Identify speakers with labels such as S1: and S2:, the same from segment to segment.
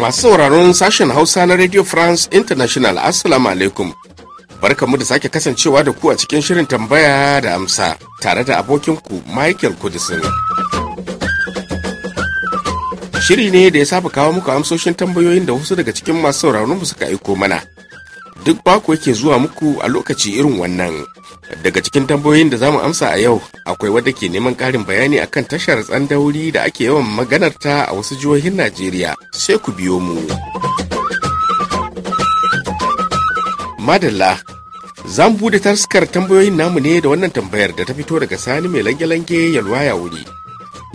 S1: Masu sauraron sashen Hausa na Radio France International Assalamu alaikum. barkamu da sake kasancewa da ku a cikin shirin tambaya da amsa tare da abokinku Michael Kudisin. Shiri ne da ya saba kawo muku amsoshin tambayoyin da wasu daga cikin masu sauraron mu suka aiko mana duk bako yake zuwa muku a lokaci irin wannan. Daga cikin tambayoyin da zamu amsa a yau akwai wadda ke neman ƙarin bayani akan tashar tsandauri da ake yawan maganarta a wasu jihohin Najeriya sai ku biyo mu. Madalla Zan bude taskar tambayoyin namu ne da wannan tambayar da ta fito daga sani mai lange-lange yalwaya wuri.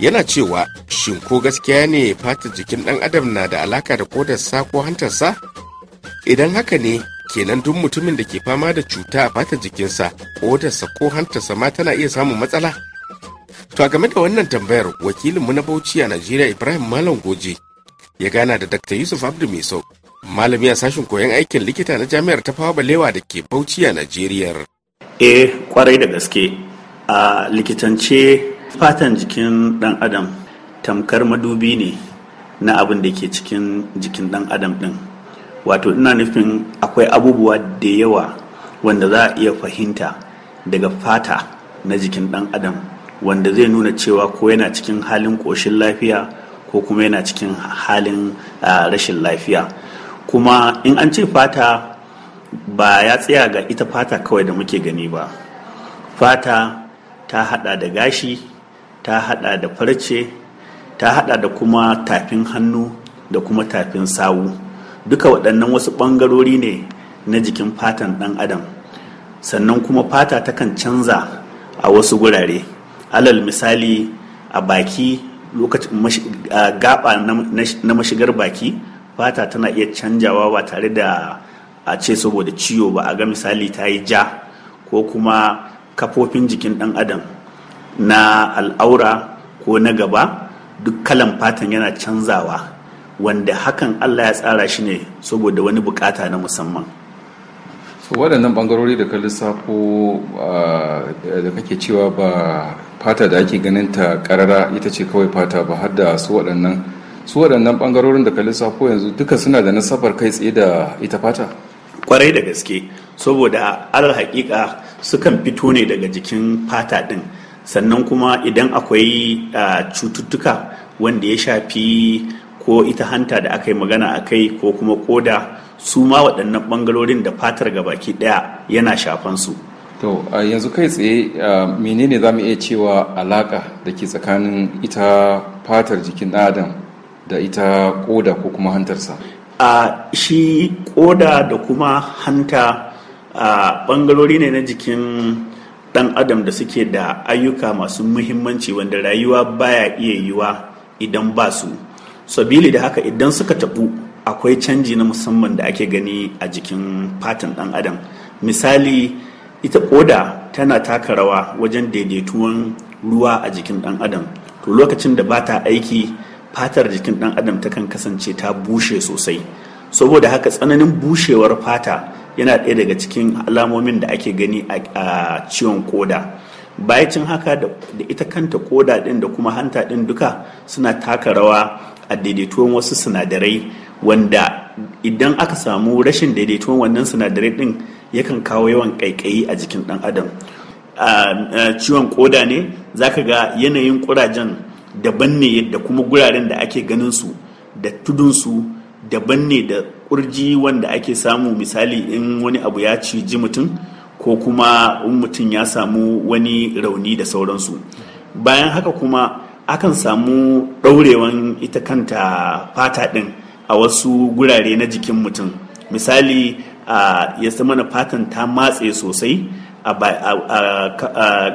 S1: Yana cewa shin ko gaskiya ne fatar jikin ɗan adam na da alaka da kodarsa ko hantarsa? Idan haka ne kenan duk mutumin da ke fama da cuta a fatar jikinsa kodarsa ko hantarsa ma tana iya samun matsala to a game da wannan tambayar wakilin mu na bauchi a najeriya ibrahim malam goje ya gana da dr yusuf abdu mai malami a sashen koyon aikin likita na jami'ar ta fawa balewa da ke bauchi a najeriya
S2: eh kwarai da gaske a likitance fatan jikin dan adam tamkar madubi ne na abin da ke cikin jikin dan adam ɗin. wato ina nufin akwai abubuwa da yawa wanda za a iya fahimta daga fata na jikin ɗan adam wanda zai nuna cewa ko yana cikin halin ƙoshin lafiya ko kuma yana cikin halin rashin lafiya kuma in an ce fata ba ya tsaya ga ita fata kawai da muke gani ba fata ta hada da gashi ta hada da farce ta hada da kuma tafin hannu da kuma tafin sawu duka waɗannan wasu ɓangarori ne na jikin fatan ɗan adam sannan kuma fata takan canza a wasu gurare alal misali a baki lokacin gaba na mashigar baki fata tana iya canjawa ba tare da a ce saboda ciwo ba a ga misali ta yi ja ko kuma kafofin jikin ɗan adam na al'aura ko na gaba duk kalan fatan yana canzawa wanda hakan Allah ya tsara shi ne saboda wani bukata na musamman so waɗannan ɓangarori da ka lissafo
S1: ah, da kake cewa ba fata da ake ganin ta ƙarara ita ce kawai fata ba har da su waɗannan su waɗannan ɓangarorin da ka lissafo yanzu duka suna da nasabar
S2: kai tsaye da ita fata kwarai da gaske saboda alal hakika sukan fito ne daga jikin fata din sannan kuma idan akwai ah, cututtuka wanda ya shafi ko ita hanta da aka yi magana a kai ko kuma koda su ma waɗannan ɓangarorin da fatar ga baki ɗaya yana shafan su. To yanzu kai tsaye menene za mu iya cewa alaƙa da ke tsakanin ita fatar jikin adam da ita koda ko kuma hantarsa? A shi koda da kuma hanta a ɓangarori ne na jikin ɗan adam da suke da ayyuka masu muhimmanci wanda rayuwa baya iya yiwa idan ba su. sabili da haka idan suka tabu akwai canji na musamman da ake gani a jikin fatan ɗan adam misali ita koda tana taka rawa wajen daidaituwan ruwa a jikin ɗan adam to lokacin da ba ta aiki fatar jikin ɗan adam takan kasance ta bushe sosai saboda haka tsananin bushewar fata yana ɗaya daga cikin alamomin da ake gani a ciwon koda bayacin haka da ita kanta koda ɗin da kuma hanta ɗin duka suna taka rawa a daidaituwan wasu sinadarai wanda idan aka samu rashin daidaituwan wannan sinadarai din yakan kawo yawan kaikayi a jikin ɗan adam ciwon koda ne zaka ga yanayin ƙurajen daban ne da kuma guraren da ake ganin su da tudunsu daban ne da ƙurji wanda ake samu misali in wani abu ya ci ji mutum ko kuma mutum ya samu wani rauni da sauransu bayan haka kuma akan samu ɗaurewan ita kanta fata ɗin a wasu gurare na jikin mutum misali ya zama na fatan ta matse sosai a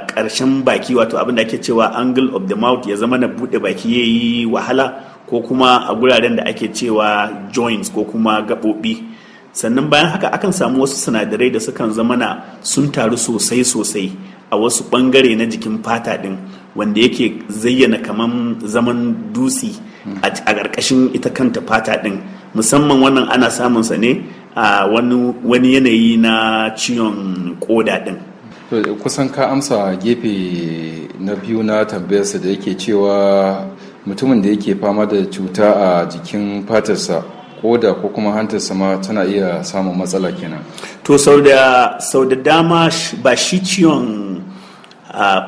S2: ƙarshen baki wato abin da ake cewa angle of the mouth ya zama na buɗe baki ya yi wahala ko kuma a guraren da ake cewa joints ko kuma gaɓoɓi sannan bayan haka akan samu wasu sinadarai da sukan zama na sun taru sosai sosai a wasu bangare na jikin fata din wanda yake zayyana kaman zaman dutse a ƙarƙashin ita kanta fata din musamman wannan ana samunsa ne a wani yanayi na ciwon koda din kusan ka amsa gefe na biyu na tambayarsa da yake cewa
S1: mutumin da yake fama da cuta a jikin fatarsa koda ko kuma
S2: hantar ma tana iya samun matsala kenan to sau da sau da dama ba shi ciwon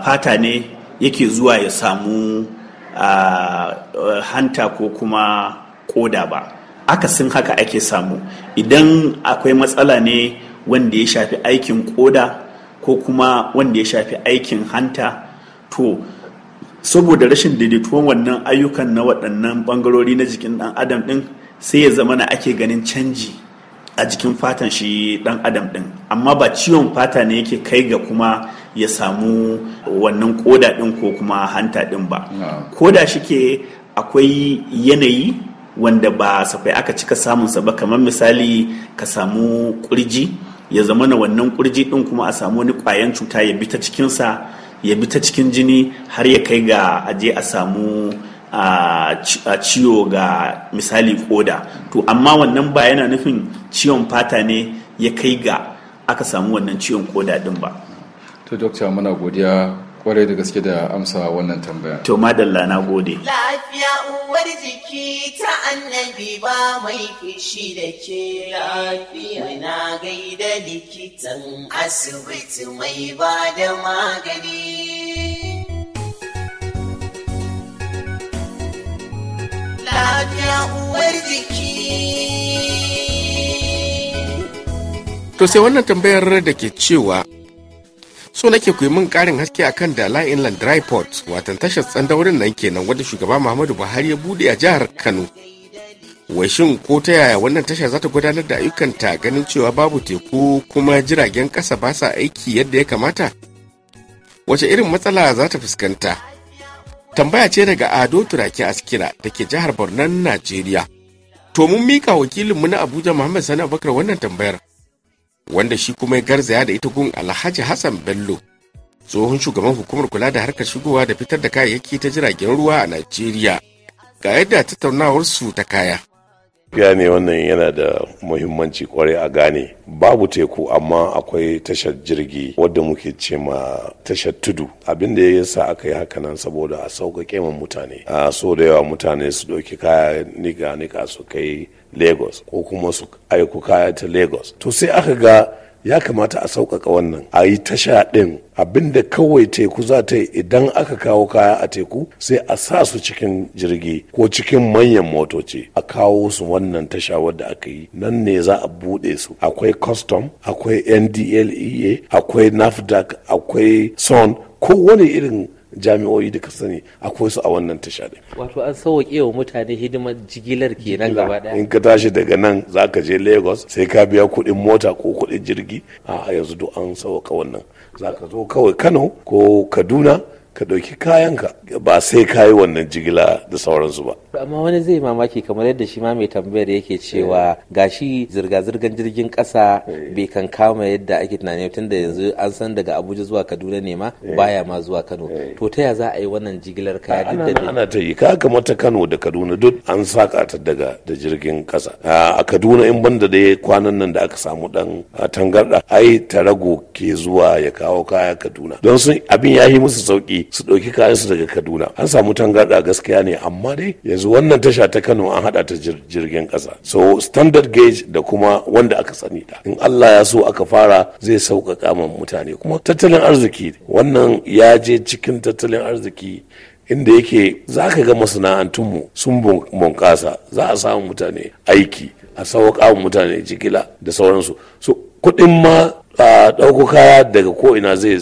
S2: fata ne yake zuwa ya samu hanta ko kuma koda ba akasin haka ake samu idan akwai matsala ne wanda ya shafi aikin koda ko kuma wanda ya shafi aikin hanta to saboda rashin daidaituwan wannan ayyukan na waɗannan ɓangarori na jikin ɗan adam ɗin sai ya zama na ake ganin canji a jikin fatan shi dan adam din amma ba ciwon fata ne yake kai ga kuma ya samu wannan koda din ko kuma hanta din ba koda ke akwai yanayi wanda ba safai aka cika samunsa ba kamar misali ka samu kurji ya zama na wannan kurji din kuma a samu wani kwayan cuta ya bi ta cikinsa ya bi ta cikin jini har ya kai ga aje a samu a ciwo ga misali koda to amma wannan ba yana nufin ciwon fata ne ya kai ga aka samu wannan ciwon koda din ba
S1: to dokta muna godiya kwarai da gaske da amsa wannan tambaya to madalla na
S2: gode
S3: lafiya uwar jiki ta annabi ba mai fushi da
S4: ke lafiya na gaida likitan asibiti mai ba da magani
S2: lafiya uwar jiki.
S1: To sai wannan tambayar da ke cewa so nake ku yi min karin haske akan kan inland dry port watan tashar tsandaurin nan kenan wadda shugaba muhammadu buhari ya bude a jihar kano wai shin ko ta yaya wannan tasha za ta gudanar da ayyukanta ganin cewa babu teku kuma jiragen kasa ba sa aiki yadda ya kamata wace irin matsala za ta fuskanta Tambaya ce daga Ado Turaki Askira da ke jihar Bornan, Najeriya. To mun mika wakilinmu na Abuja Muhammad Sani Abubakar wannan tambayar. Wanda shi kuma ya garzaya da ita gun Alhaji Hassan Bello. Tsohon shugaban hukumar kula da harkar shigowa da fitar da kayayyaki ta jiragen ruwa a Najeriya. Ga yadda tattaunawar su ta kaya.
S5: ne wannan yana da muhimmanci kwarai a gane babu teku amma akwai tashar jirgi wadda muke ce ma tashar tudu abinda ya sa aka yi haka nan saboda a sauƙaƙe ma mutane a so da yawa mutane su ɗauki kaya niga nika su kai lagos ko kuma su aiku kaya ta lagos to sai aka ga ya kamata a sauƙaƙa wannan a yi tasha ɗin abinda kawai teku za ta yi idan aka kawo kaya a teku sai a sa su cikin jirgi ko cikin manyan motoci a kawo su wannan tasha wadda aka yi nan ne za a buɗe su akwai custom akwai ndlea akwai nafdac akwai son ko kowane irin jami'o'i da ka sani akwai su a wannan tasha ɗin.
S3: Wato an sauƙe wa mutane hidimar jigilar kenan gaba ɗaya. In
S5: ka tashi daga nan za ka je Lagos sai ka biya kuɗin mota ko kuɗin jirgi a yanzu duk an sauƙa wannan. Za ka zo kawai Kano ko Kaduna ka ɗauki kayanka ba sai ka yi wannan jigila da sauransu ba.
S3: amma wani zai mamaki kamar yadda shi ma mai tambayar yake cewa eh. gashi zirga-zirgar jirgin ƙasa eh. bai kan kama yadda ake tunani tun da yanzu an san daga
S5: abuja zuwa kaduna ne ma eh. baya ma zuwa kano to ta za a yi wannan jigilar kaya duk da ana ta yi kaga mata kano da kaduna duk an saka ta daga da jirgin ƙasa a kaduna in banda da kwanan nan da aka samu dan tangarda ai tarago ke zuwa ya kawo kaya kaduna don sun abin ya yi musu sauki su ɗauki kayan su daga kaduna an samu tangarɗa gaskiya ne amma dai yanzu wannan tasha ta kano an haɗa ta jirgin ƙasa so standard gauge da kuma wanda aka tsani da in allah ya so aka fara zai sauƙaƙa ma mutane kuma tattalin arziki wannan ya je cikin tattalin arziki inda yake za ka ga masana'antunmu sun bunƙasa za a samu mutane aiki a sauƙa mutane jigila da sauransu so kuɗin ma ɗauko kaya daga ko ina zai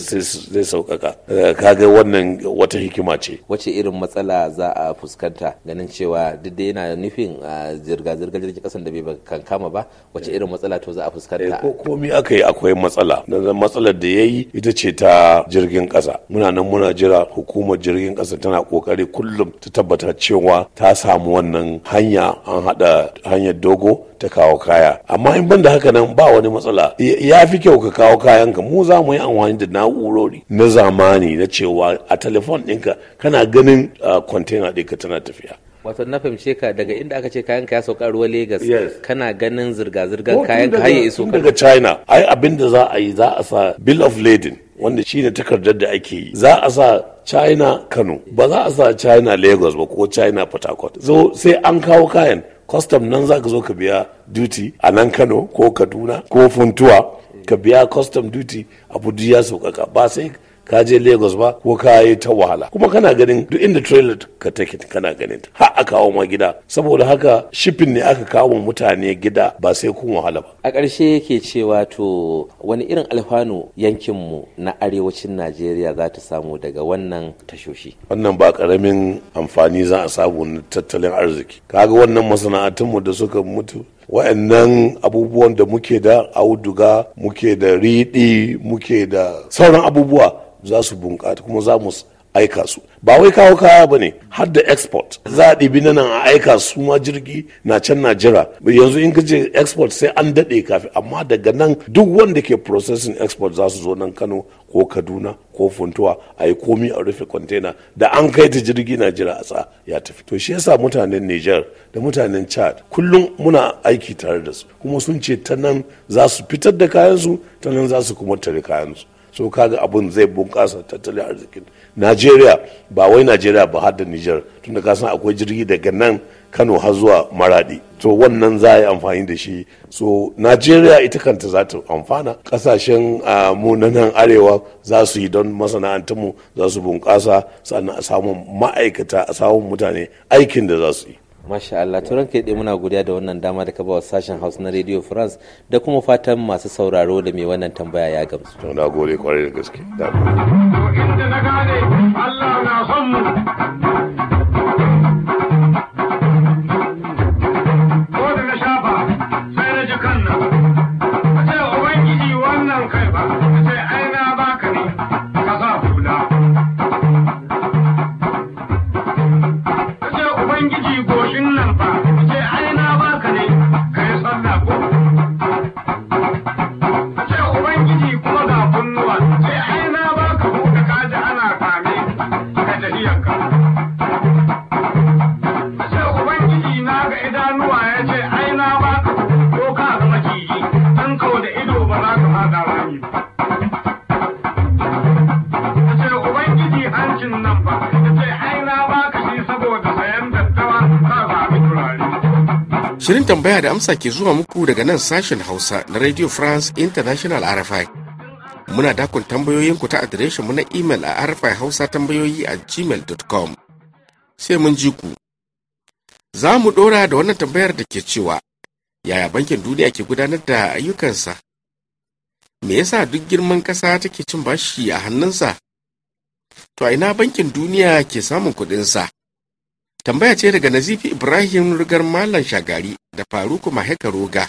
S5: sauƙaƙa eh, kaga wannan wata hikima ce wace irin matsala za
S3: a fuskanta ganin cewa duk da yana nufin zirga-zirga jirgin da bai kan kama ba wace irin matsala to za a fuskanta eh, ko komi aka
S5: yi akwai matsala matsalar da ya yi ita ce ta jirgin ƙasa muna nan muna jira hukumar jirgin ƙasa tana kokari kullum ta tabbatar cewa ta samu wannan hanya an haɗa hanyar dogo ta kawo kaya amma in banda haka nan ba wani matsala ya fi kyau ka kawo kayanka mu za mu yi amfani da na'urori na zamani na cewa a telefon ɗinka kana ganin ah, container ɗinka tana tafiya
S3: wato na fahimce ka daga inda aka ce kayan ka ya sauka ruwa Legas kana ganin
S5: zirga-zirgar kayan ka ya iso daga China ai abin da za a yi za a sa bill of lading wanda shine takardar da ake yi za a sa China Kano ba za a sa China Lagos ba ko China Port Harcourt so sai an kawo kayan custom nan za ka zo ka biya duty a nan kano ko kaduna ko funtuwa ka biya custom duty abu duk ya sauƙaƙa ba sai ka je Lagos ba ko ka yi ta wahala kuma kana ganin duk inda trailer ka take kana ganin har a kawo ma gida saboda haka shipping ne aka kawo mutane gida ba sai kun wahala ba a ƙarshe yake cewa to wani irin alfanu yankinmu na
S3: arewacin Najeriya za ta samu daga wannan
S5: tashoshi wannan ba karamin amfani za a samu na tattalin arziki kaga wannan masana'antunmu da suka mutu wa'annan abubuwan da muke da auduga muke da riɗi muke da sauran abubuwa za su bunƙasa kuma za mu aika su ba wai kawo kaya ba ne har da export za a ɗibi na nan a aika su ma jirgi na can na jira yanzu in ka ce export sai an daɗe kafin amma daga nan duk wanda ke processing export za su zo nan kano ko kaduna ko funtuwa a yi komi a rufe container da an kai ta jirgi na jira a tsa ya tafi to shi yasa mutanen niger da mutanen chad kullum muna aiki tare da su kuma sun ce ta nan za su fitar da kayansu ta nan za su kuma tare kayansu so kaga abun zai bunƙasa tattalin arzikin najeriya ba wai najeriya ba har da nijar tunda ka san akwai jirgi daga nan kano har zuwa maradi to wannan za a yi amfani da shi so najeriya ita kanta za ta amfana ƙasashen mu na nan arewa za su yi don masana'antunmu za su bunƙasa sannan a samun ma'aikata a samun mutane aikin da za su yi Masha Allah, turan ka yi muna godiya da wannan dama da ka ba wa sashen House na
S3: Radio France da kuma fatan masu sauraro da mai wannan tambaya ya gamsu. na gode kwarai da gaske.
S1: Allah na Shirin tambaya da amsa ke zuwa muku daga nan sashen Hausa na Radio France International RFI. Muna dakon tambayoyinku ta adireshin mu na imel a RFI Hausa tambayoyi a gmail.com. Sai mun ji ku. Za mu ɗora da wannan tambayar da ke cewa, yaya bankin duniya ke gudanar da ayyukansa? Me yasa duk girman ƙasa take cin bashi a hannunsa? To ina bankin duniya ke samun kuɗinsa? Tambaya ce daga Nazifi Ibrahim Rugar Malam Shagari da Faruku Maheka Roga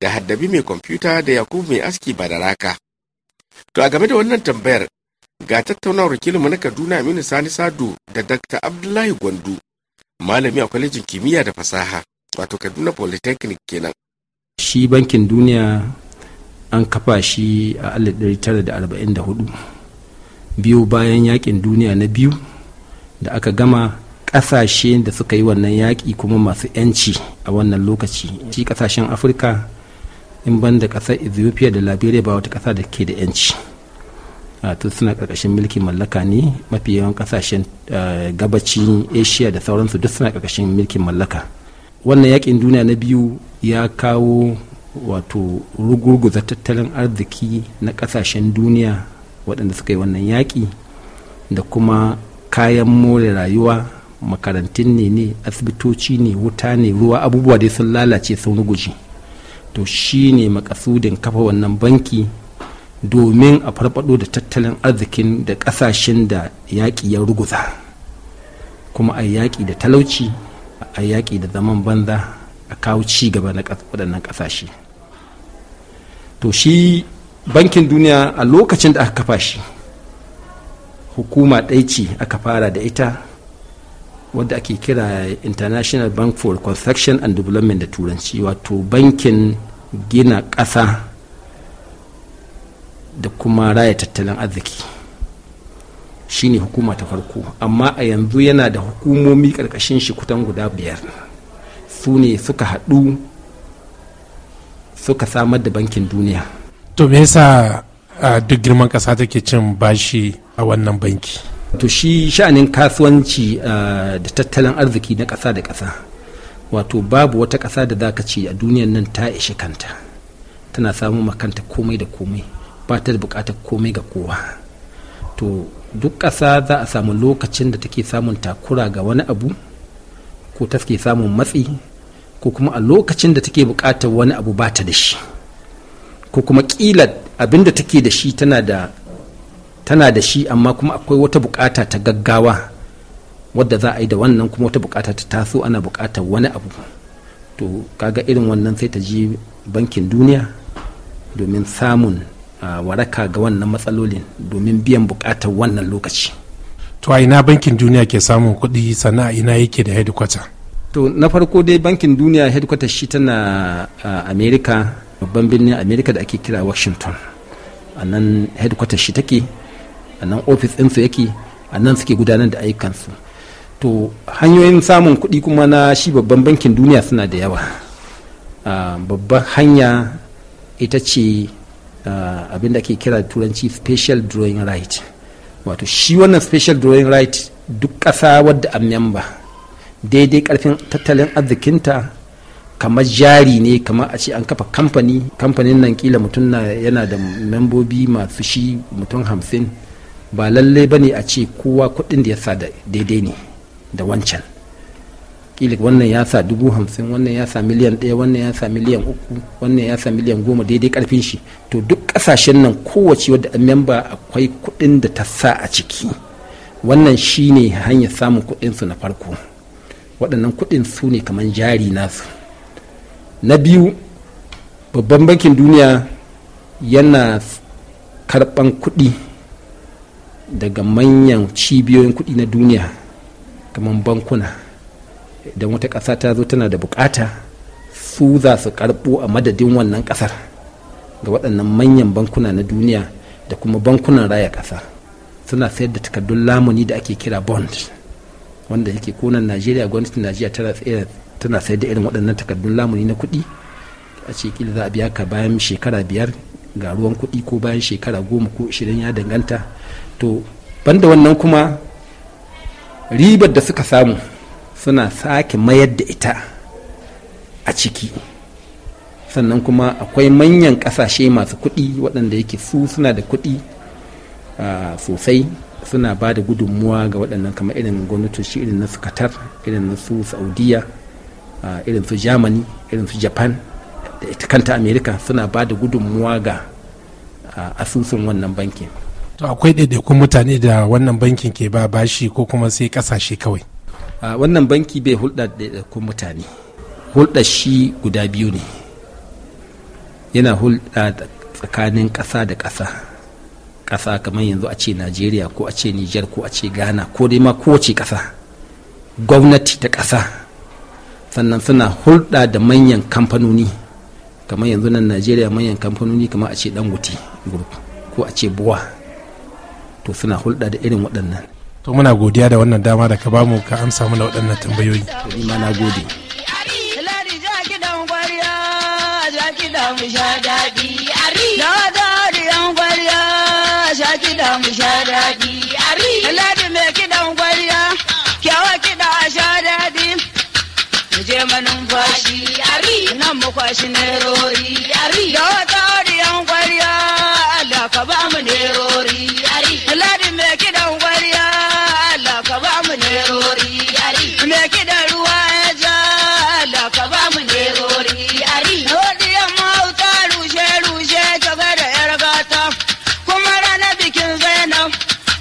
S1: da Haddabi mai kwamfuta da Yakubu mai aski Badaraka. To a game da wannan tambayar ga tattaunawar kilimu na Kaduna Aminu Sani Sadu da Dr. Abdullahi Gwandu, malami a kwalejin kimiyya da fasaha, wato Kaduna Polytechnic kenan.
S4: Shi bankin duniya an kafa shi a 1944 biyu bayan yakin duniya na biyu da aka gama kasashe da suka yi wannan yaƙi kuma masu 'yanci a wannan lokaci shi kasashen afirka in ban da ƙasar ethiopia da liberia ba wata ƙasa da ke da 'yanci ah, to suna ƙarƙashin mulkin mallaka ne mafi yawan ƙasashen eh, gabacin asia da sauransu duk suna ƙarƙashin mulkin mallaka wannan yaƙin duniya na biyu ya kawo wato rugurguza tattalin arziki na ƙasashen duniya waɗanda suka yi wannan yaƙi da kuma kayan more rayuwa makarantun ne ne asibitoci ne wuta ne ruwa abubuwa dai sun lalace sun guji to shi ne makasudin kafa wannan banki domin a farfado da tattalin arzikin da kasashen da yaƙi ya ruguza kuma a yaƙi da talauci a yaƙi da zaman banza a kawo ci gaba na waɗannan ƙasashe to shi bankin duniya a lokacin da aka kafa shi hukuma ɗaya ce aka fara da ita wadda ake kira international bank for construction and development da turanci wato bankin gina ƙasa da kuma raya tattalin arziki shine hukuma ta farko amma a yanzu yana da hukumomi ƙarƙashin shi kutan guda biyar su ne suka haɗu suka samar da bankin duniya
S1: to me yasa duk girman ƙasa take cin
S4: bashi a wannan banki to shi sha'anin kasuwanci eh, da tattalin arziki na ƙasa da ƙasa wato babu wata ƙasa da za ka ce a duniyan nan ta ishi kanta tana samun makanta komai da komai ba ta da buƙatar komai ga kowa to duk ƙasa za a samu lokacin da take samun takura ga wani abu ko ta ke samun matsi ko kuma a lokacin da take buƙatar wani abu ba ta da shi ko kuma ƙila abin da take da shi tana da tana da shi amma kuma akwai wata bukata ta gaggawa wadda za a yi da wannan kuma wata bukata ta taso ana bukatar wani abu to kaga irin wannan sai ta ji bankin duniya domin samun waraka ga wannan matsalolin domin biyan bukatar wannan lokaci to a ina
S1: bankin duniya ke samun kuɗi sana'a ina yake da headquarter
S4: to na farko dai bankin duniya headquarter shi tana america babban birnin america da ake kira washington anan nan headquarter shi take a nan ofis ɗinsu yake a nan suke gudanar da ayyukansu to hanyoyin samun kuɗi kuma na shi babban bankin duniya suna da yawa ah, babban hanya ita ce ah, abin da ake kira turanci special drawing right wato shi wannan special drawing right duk ƙasa wadda a memba daidai ƙarfin tattalin arzikinta kamar jari ne kamar a ce an kafa kamfani kamfanin nan kila mutum yana da membobi masu shi mutum hamsin ba lalle ba ne a ce kowa kuɗin da ya sa daidai ne da wancan ƙilik wannan ya sa dubu hamsin wannan ya sa miliyan ɗaya wannan ya sa miliyan uku wannan ya sa miliyan goma daidai karfin shi to duk ƙasashen nan kowace wadda a memba akwai kuɗin da ta sa a ciki wannan shi ne hanyar samun su na farko waɗannan kuɗin su ne kamar jari nasu na biyu babban bankin duniya yana karɓan kuɗi daga manyan cibiyoyin kuɗi na duniya kamar bankuna idan wata ƙasa ta zo tana da bukata su za su karɓo a madadin wannan ƙasar ga waɗannan manyan bankuna na duniya da kuma bankunan raya ƙasa suna sayar da takardun lamuni da ake kira bond wanda yake konan najeriya gwamnatin najeriya tana sayar da irin waɗannan takardun lamuni na kuɗi a ce kila za a biya ka bayan shekara biyar ga ruwan kuɗi ko bayan shekara goma ko ashirin ya danganta to banda wannan kuma ribar da suka samu suna sake mayar da ita a ciki sannan kuma akwai manyan ƙasashe masu kuɗi waɗanda yake su suna da kuɗi sosai suna ba da gudunmuwa ga waɗannan kamar irin shi irin na su qatar irin na su saudiya irin su germany irin su japan ita kanta america suna ba da gudunmuwa ga asusun wannan bankin
S1: to akwai ɗaiɗaikun mutane da wannan bankin ke ba bashi ko kuma sai ƙasashe kawai
S4: wannan banki bai hulɗa ɗaiɗaikun mutane hulɗa shi guda biyu ne yana hulɗa tsakanin ƙasa da ƙasa ƙasa kamar yanzu a ce najeriya ko a ce niger ko a ce ghana ko dai ma kowace ƙasa gwamnati ta ƙasa sannan suna hulɗa da manyan kamfanoni kamar yanzu nan najeriya manyan kamfanoni kamar a ce dangote group ko a ce buwa to suna hulɗa da irin waɗannan
S1: to muna godiya da wannan dama da ka bamu ka amsa mana waɗannan
S4: tambayoyi to ni ma na gode
S2: kwashi nerori yari da wata audiyan kwariya Allah ka ba mu nerori yari ladi me kidan kwariya Allah ka ba mu nerori yari me kidan ruwa ya ja Allah ka ba mu nerori yari audiyan mahauta rushe rushe ta da yar gata kuma ranar bikin Zainab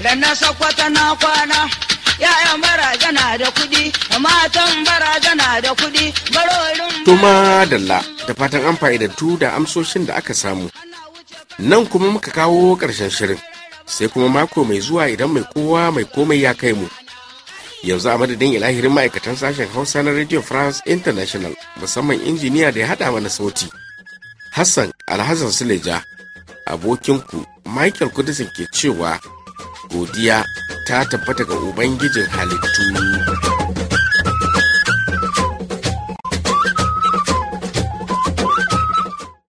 S2: ranar sakwata na kwana ya'yan bara gana da kuɗi matan bara gana da kuɗi
S1: To Dalla, da fatan an fa'idantu da amsoshin da aka samu. Nan kuma muka kawo ƙarshen shirin, sai kuma mako mai zuwa idan mai kowa mai komai ya kai mu. Yanzu a madadin ilahirin ma'aikatan sashen Hausa na Radio France International musamman injiniya da ya haɗa mana sauti. Hassan Alhassan Suleja, abokinku Michael Kudisin ke cewa godiya ta tabbata ga Ubangijin halittu.